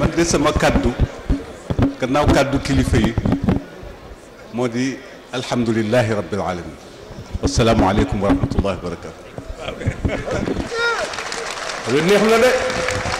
man de sama kàddu gannaaw kàddu kilifa yi moo di alhamdulilahi rabbil alamin assalaamu aleykum wa rahmatullahi wa barakatu lu neex la de